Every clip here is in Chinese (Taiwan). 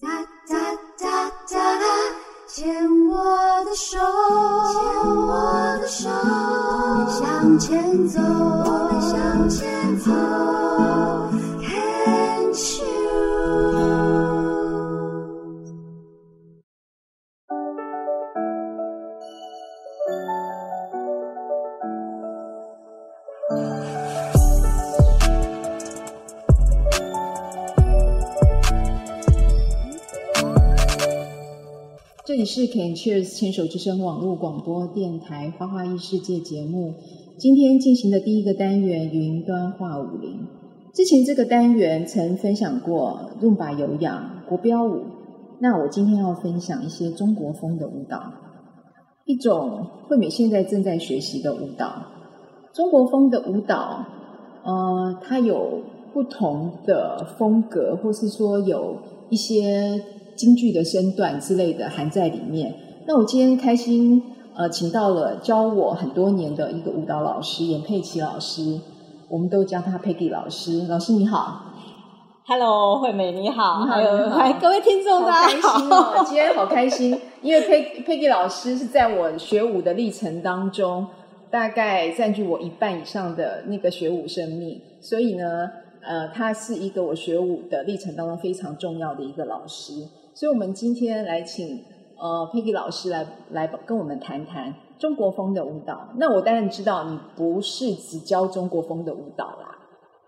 噠噠噠噠噠，我牽我的手，牽我的手，向前走，我們向前走。這裡是 Can Cheers 牽手之聲網絡廣播電台《花花異世界》節目，今天進行的第一個單元“雲端話舞林”。之前這個單元曾分享過 Zumba 有氧、國標舞。那我今天要分享一些中國風的舞蹈，一種惠美現在正在學習的舞蹈。中國風的舞蹈，呃，它有不同的風格，或是說有一些，京劇的身段之類的含在裡面。那我今天開心，呃，請到了教我很多年的一個舞蹈老師嚴珮綺老師，我們都叫他 Peggy 老師。老師你好，Hello，惠美你好，你好還有你好 Hi, 各位聽眾啊，好開心、哦，今天好開心， 因為 Peggy 老師是在我學舞的歷程當中，大概占據我一半以上的那個學舞生命，所以呢，呃，他是一個我學舞的歷程當中非常重要的一個老師。所以我們今天來請呃 Peggy 老師來來跟我們談談中國風的舞蹈。那我當然知道你不是只教中國風的舞蹈啦，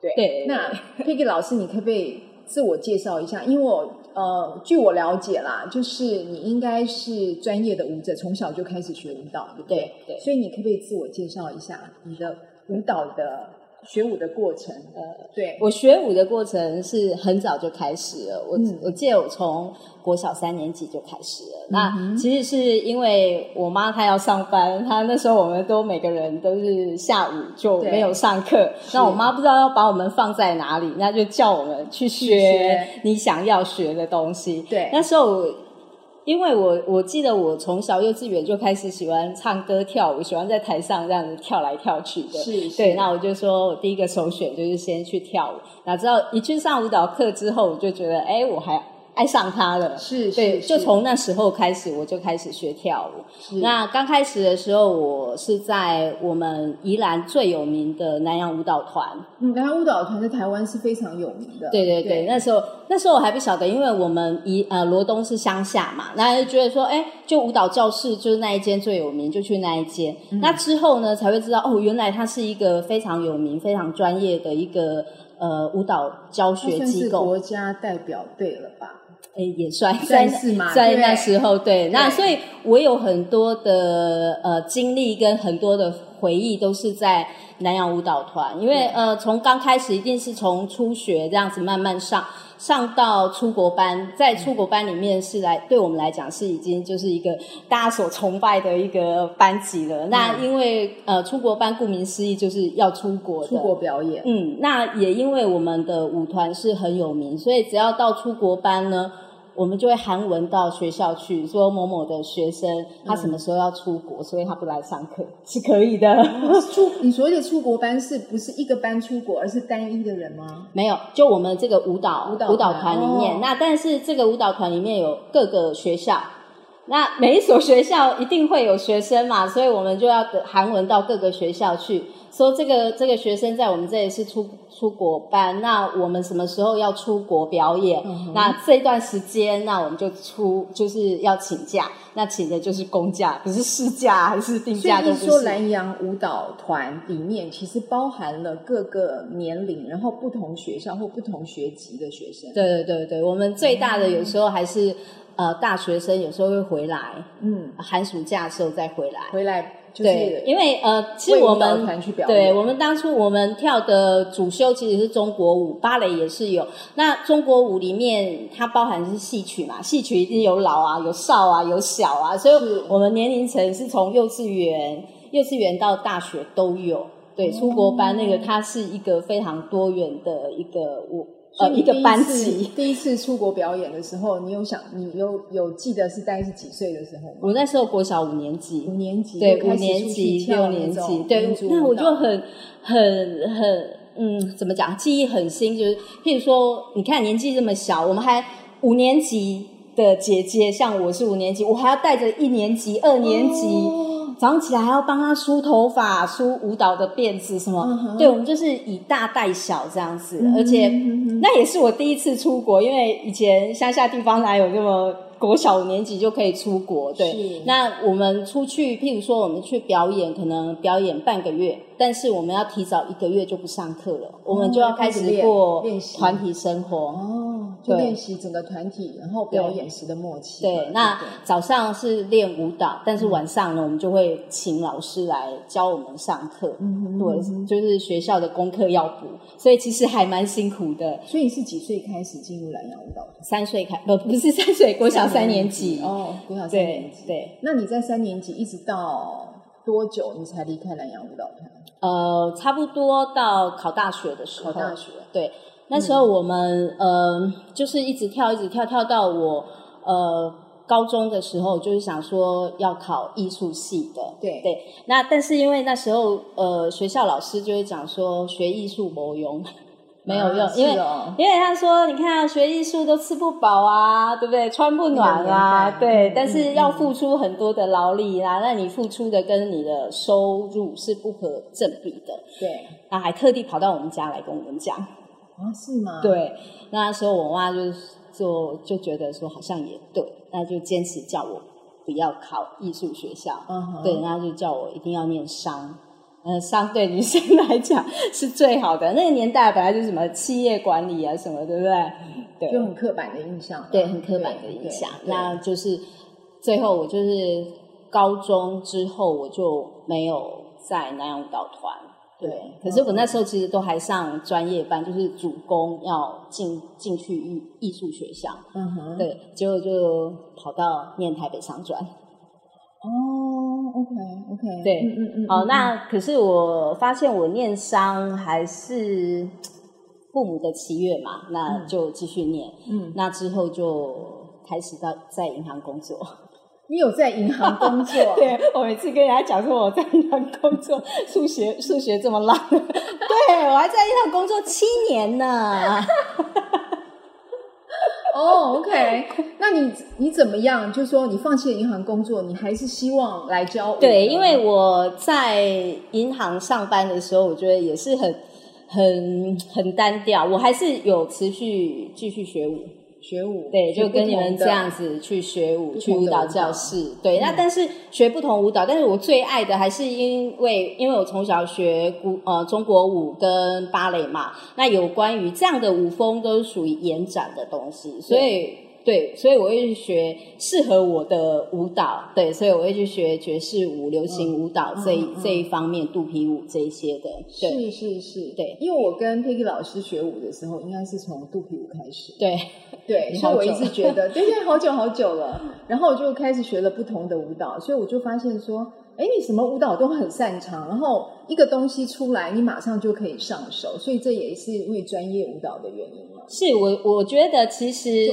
對。那 Peggy 老師，你可不可以自我介紹一下？因為我呃，據我了解啦，就是你應該是專業的舞者，從小就開始學舞蹈，對不對？對對，所以你可不可以自我介紹一下你的舞蹈的？學舞的過程，呃，對，我學舞的過程是很早就開始了。我、嗯、我記得我從國小三年級就開始了。嗯、哼那其實是因為我媽她要上班，她那時候我們都每個人都是下午就沒有上課。對那我媽不知道要把我們放在哪裡，那就叫我們去學你想要學的東西。對，那時候。因為我我記得我從小幼稚園就開始喜歡唱歌跳舞，喜歡在台上這樣子跳來跳去的。是，是的。對，那我就說我第一個首選就是先去跳舞。哪知道一去上舞蹈課之後，我就覺得誒，我還。愛上他了，是，對，是就從那時候開始，我就開始學跳舞。是那剛開始的時候，我是在我們宜蘭最有名的蘭陽舞蹈團。嗯，蘭陽舞蹈團在台灣是非常有名的。對對對，對那時候那時候我還不曉得，因為我們宜呃羅東是鄉下嘛，然後就覺得說，哎、欸，就舞蹈教室就是那一間最有名，就去那一間。嗯、那之後呢，才會知道哦，原來他是一個非常有名、非常專業的一個呃舞蹈教學機構，國家代表隊了吧？哎，也算算是嘛在那時候，對，對那所以我有很多的呃經歷跟很多的回憶都是在蘭陽舞蹈團，因為對呃從剛開始一定是從初學這樣子慢慢上。上到出國班，在出國班裡面是來對我們來講是已經就是一個大家所崇拜的一個班級了。那因為呃出國班顧名思義就是要出國的，出國表演。嗯，那也因為我們的舞團是很有名，所以只要到出國班呢。我們就會韓文到學校去說，某某的學生他什麼時候要出國，嗯、所以他不來上課是可以的。嗯、出你所謂的出國班是不是一個班出國，而是單一的人嗎？沒有，就我們這個舞蹈舞蹈舞蹈團裡面，哦、那但是這個舞蹈團裡面有各個學校。那每一所學校一定會有學生嘛，所以我們就要的韓文到各個學校去說、so, 這個這個學生在我們這裡是出出國班，那我們什麼時候要出國表演？嗯、哼那這段時間，那我們就出就是要請假，那請的就是公假，可是事假還是定假都是？所以你說蘭陽舞蹈團裡面其實包含了各個年齡，然後不同學校或不同學籍的學生。對對對對，我們最大的有時候還是。呃，大學生有時候會回來，嗯，寒暑假的時候再回來，回來。對，對因為呃，其實我們對，我們當初我們跳的主修其實是中國舞，芭蕾也是有。那中國舞裡面它包含的是戲曲嘛，戲曲一定有老啊，有少啊，有小啊，所以我們年齡層是從幼稚園、幼稚園到大學都有。對，出國班那個它是一個非常多元的一個舞。呃，一個班級第一次出國表演的時候，你有想，你有有記得是大概是幾歲的時候嗎？我那時候國小五年級，五年級對，五年級六年級對，那我就很很很嗯，怎麼講？記憶很新，就是譬如說，你看年紀這麼小，我們還五年級的姐姐，像我是五年級，我還要帶着一年級、二年級。哦早上起來，還要幫他梳頭髮、梳舞蹈的辮子什麼，是嗎？嗯哼，對，我們就是以大帶小這樣子，嗯、哼而且，嗯、哼那也是我第一次出國，因為以前鄉下地方哪有這麼。國小五年級就可以出國，對。是那我們出去，譬如說我們去表演，可能表演半個月，但是我們要提早一個月就不上課了，嗯、我們就要開始，開始過練習團體生活哦，就練習整個團體，然後表演時的默契對對。對，那早上是練舞蹈，但是晚上呢，嗯、我們就會請老師來教我們上課。嗯、哼嗯哼對，就是學校的功課要補，所以其實還蠻辛苦的。所以你是幾歲開始進入蘭陽舞蹈的？三歲開始，不不是三歲，國小。三年級、嗯、哦，對對，對。那你在三年級一直到多久？你才離開蘭陽舞蹈團？呃，差不多到考大學的時候。考大學對，那時候我們、嗯、呃，就是一直跳，一直跳，跳到我呃高中的時候，就是想說要考藝術系的。對對，那但是因為那時候呃，學校老師就會講說學藝術沒用。沒有用，因為、哦、因為他說，你看學藝術都吃不飽啊，對不對？穿不暖啊，對，對，對，但是要付出很多的勞力啦、啊，嗯嗯，那你付出的跟你的收入是不可正比的。對，他還特地跑到我們家來跟我們講啊、哦，是嗎？對，那時候我媽就就就覺得說好像也對，那就堅持叫我不要考藝術學校，嗯、哼對，那就叫我一定要念商。呃相、嗯，相對女生來講是最好的。那個年代本來就是什麼企業管理啊，什麼對不對？對，就很刻板的印象。對，很刻板的印象。那就是最後，我就是高中之後，我就沒有在蘭陽舞蹈團。對，對可是我那時候其實都還上專業班，就是主攻要進進去藝藝術學校。嗯哼。對，結果就跑到念台北商專。哦。OK，OK，okay, okay, 對，嗯嗯嗯，嗯嗯哦，嗯、那可是我發現我念商還是父母的期願嘛，那就繼續念。嗯，嗯那之後就開始到在，在銀行工作。你有在銀行工作哦？對，我每次跟人家講說我在銀行工作，數學數學這麼爛， 對，我還在銀行工作七年呢。 哦，OK，那你你怎麼樣？就說你放棄了銀行工作，你還是希望來教？對，因為我在銀行上班的時候，我覺得也是很很很單調，我還是有持續繼續學舞。學舞，對，就跟你們這樣子去學舞，去舞蹈教室。對，嗯、那但是學不同舞蹈，但是我最愛的還是因為，因為我從小學古呃中國舞跟芭蕾嘛，那有關於這樣的舞風都是屬於延展的東西，所以。對，所以我會去學適合我的舞蹈。對，所以我會去學爵士舞、嗯、流行舞蹈、嗯、這一、嗯、這一方面，肚皮舞這一些的。是是是，對，因為我跟 Peggy 老師學舞的時候，應該是從肚皮舞開始。對對，對，所以我一直覺得，對對，好久好久了。 然後我就開始學了不同的舞蹈，所以我就發現說。誒，你什麼舞蹈都很擅長，然後一個東西出來，你馬上就可以上手，所以這也是因為專業舞蹈的原因嘛？是，我我覺得其實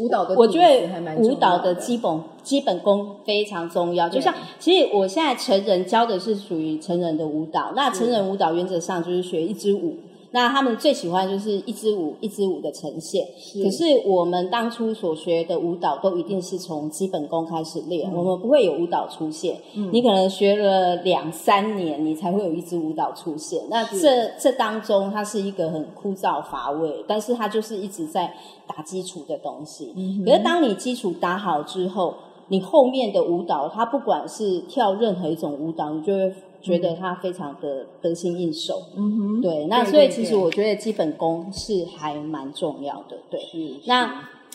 舞,舞蹈的,的，我覺得舞蹈的基本基本功非常重要。就像對其實我現在成人教的是屬於成人的舞蹈，那成人舞蹈原則上就是學一支舞。那他們最喜歡就是一支舞一支舞的呈現。是，可是我們當初所學的舞蹈都一定是從基本功開始練，嗯、我們不會有舞蹈出現。嗯、你可能學了兩三年，你才會有一支舞蹈出現。嗯、那這是這當中，它是一個很枯燥乏味，但是它就是一直在打基礎的東西。嗯、哼可是當你基礎打好之後，你後面的舞蹈，它不管是跳任何一種舞蹈，你就會。覺得他非常的得心應手，嗯哼，對，對，那所以其實我覺得基本功是還蠻重要的，對。是那是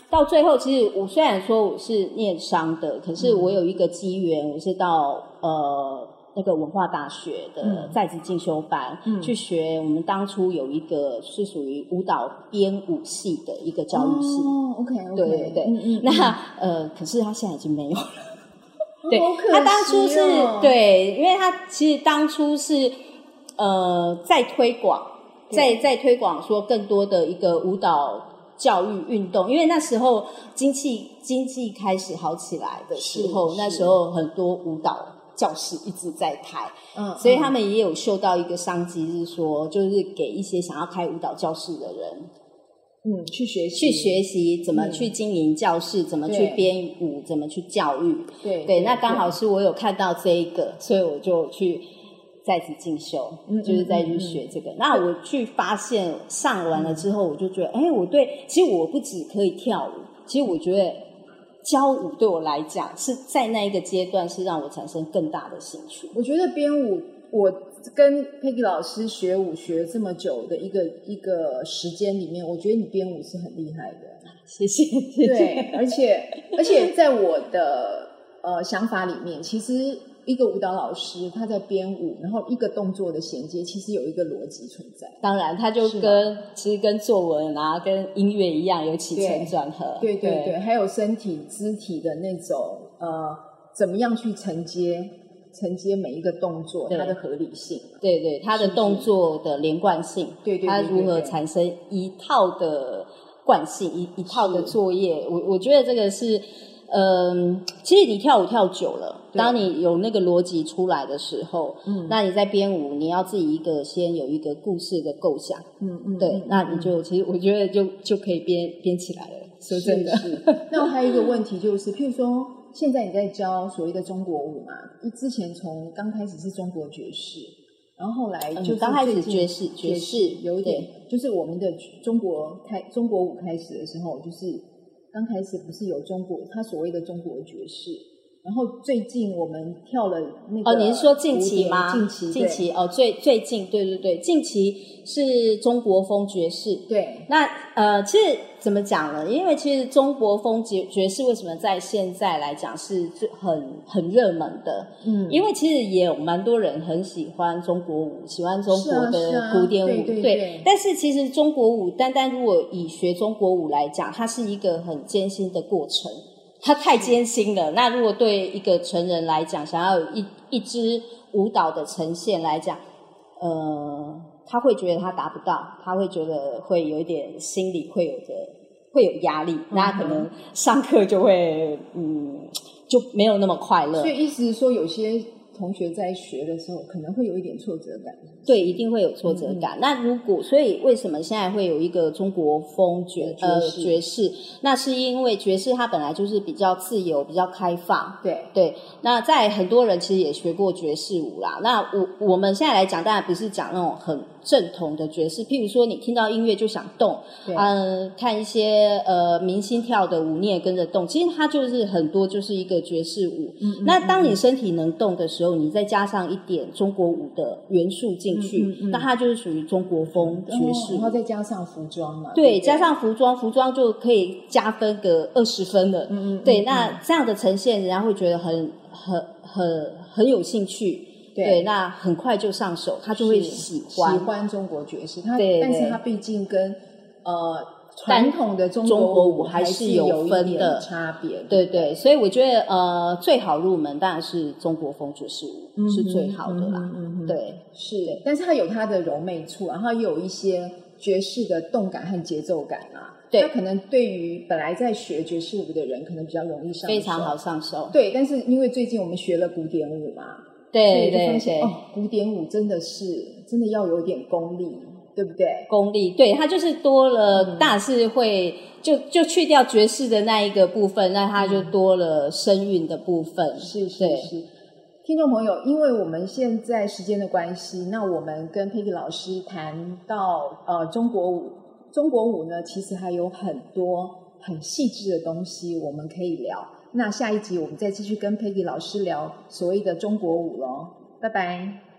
到最後，其實我雖然說我是念商的，可是我有一個機緣，嗯、哼我是到呃那個文化大學的在職進修班、嗯嗯、去學。我們當初有一個是屬於舞蹈編舞系的一個教育系。哦，OK，對、okay, 對對。對嗯那呃，可是他現在已經沒有了。對、哦哦、他當初是對，因為他其實當初是呃在推廣，在對在推廣說更多的一個舞蹈教育運動，因為那時候經濟經濟開始好起來的時候，那時候很多舞蹈教室一直在開，嗯，所以他們也有嗅到一個商機，是說就是給一些想要開舞蹈教室的人，嗯，去學習去學習怎麼去經營教室，嗯、怎麼去編舞，對怎麼去教育。對對，對對，那剛好是我有看到這一個，所以我就去再次進修，嗯、就是再去學這個。嗯嗯、那我去發現上完了之後，對我就覺得，哎、欸，我對，其實我不只可以跳舞，其實我覺得教舞對我來講是在那一個階段，是讓我產生更大的興趣。我覺得編舞我。跟 Peggy 老師學舞學這麼久的一個一個時間裡面，我覺得你編舞是很厲害的。謝謝，謝謝。對， 而且而且在我的、呃、想法裡面，其實一個舞蹈老師他在編舞，然後一個動作的銜接，其實有一個邏輯存在。當然，他就跟，是嗎？其實跟作文啊，然後跟音樂一樣有起承轉合。對，對對對，對還有身體肢體的那種、呃、怎麼樣去承接？承接每一個動作對它的合理性，對對，它的動作的連貫性，對對，對，對對，它如何產生一套的慣性，一一套的作業。是我我覺得這個是，嗯、呃，其實你跳舞跳久了，當你有那個邏輯出來的時候，嗯對，那你在編舞，你要自己一個先有一個故事的構想，嗯嗯，對，嗯、那你就其實我覺得就就可以編編起來了，說真的是，是。 那我還有一個問題就是，譬如說。現在你在教所謂的中國舞嘛？之前從剛開始是中國爵士，然後後來就是、嗯、就剛開始爵士也爵士有一點，對，就是我們的中國開中國舞開始的時候，就是剛開始不是有中國他所謂的中國的爵士。然後最近我們跳了那個古典。哦，你是說近期嗎？近期近期哦，最最近對對對，近期是中國風爵士。對。那呃，其實怎麼講呢？因為其實中國風爵士為什麼在現在來講是最很很熱門的？嗯。因為其實也有蠻多人很喜歡中國舞，喜歡中國的古典舞。啊啊。對對對、對。但是其實中國舞單單如果以學中國舞來講，它是一個很艱辛的過程。他太艱辛了。是那如果對一個成人來講，想要有一一支舞蹈的呈現來講，呃，他會覺得他達不到，他會覺得會有一點心理會有的會有壓力，那可能上課就會嗯，哼嗯就沒有那麼快樂。所以意思是說有些。同學在學的時候可能會有一點挫折感，對，一定會有挫折感。嗯嗯，那如果，所以為什麼現在會有一個中國風爵、呃爵士，那是因為爵士它本來就是比較自由、比較開放。對對，那在很多人其實也學過爵士舞啦。那我我們現在來講，當然不是講那種很。正統的爵士，譬如說，你聽到音樂就想動，對嗯，看一些呃明星跳的舞你也跟着動，其實它就是很多就是一個爵士舞。Sí, 那當你身體能動的時候，mm hmm. 你再加上一點中國舞的元素進去，那、mm mm mm. 它就是屬於中國風爵士，然後、嗯、再加上服裝嘛，對，對對加上服裝，服裝就可以加分個二十分了。嗯嗯、cool，mm hmm. 對，那這樣的呈現，人家會覺得很很很很有興趣。對，那很快就上手，他就會喜歡。喜歡中國爵士。他，但是他畢竟跟呃傳統的中國舞還是有一定的差別。對對，所以我覺得呃最好入門當然是中國風爵士舞是最好的啦。對，是，但是他有他的柔媚處，然後也有一些爵士的動感和節奏感啊。對，他可能對於本來在學爵士舞的人，可能比較容易上手，非常好上手。對，但是因為最近我們學了古典舞嘛。對對，對，對，對哦，古典舞真的是真的要有點功力，對不對？功力，對它就是多了大智慧，大智慧就就去掉爵士的那一個部分，那它就多了聲韻的部分。嗯、是是對是，是，聽眾朋友，因為我們現在時間的關係，那我們跟 Peggy 老師談到呃中國舞，中國舞呢其實還有很多很細緻的東西，我們可以聊。那下一集我們再繼續跟 Peggy 老師聊所謂的中國舞嘍，拜拜。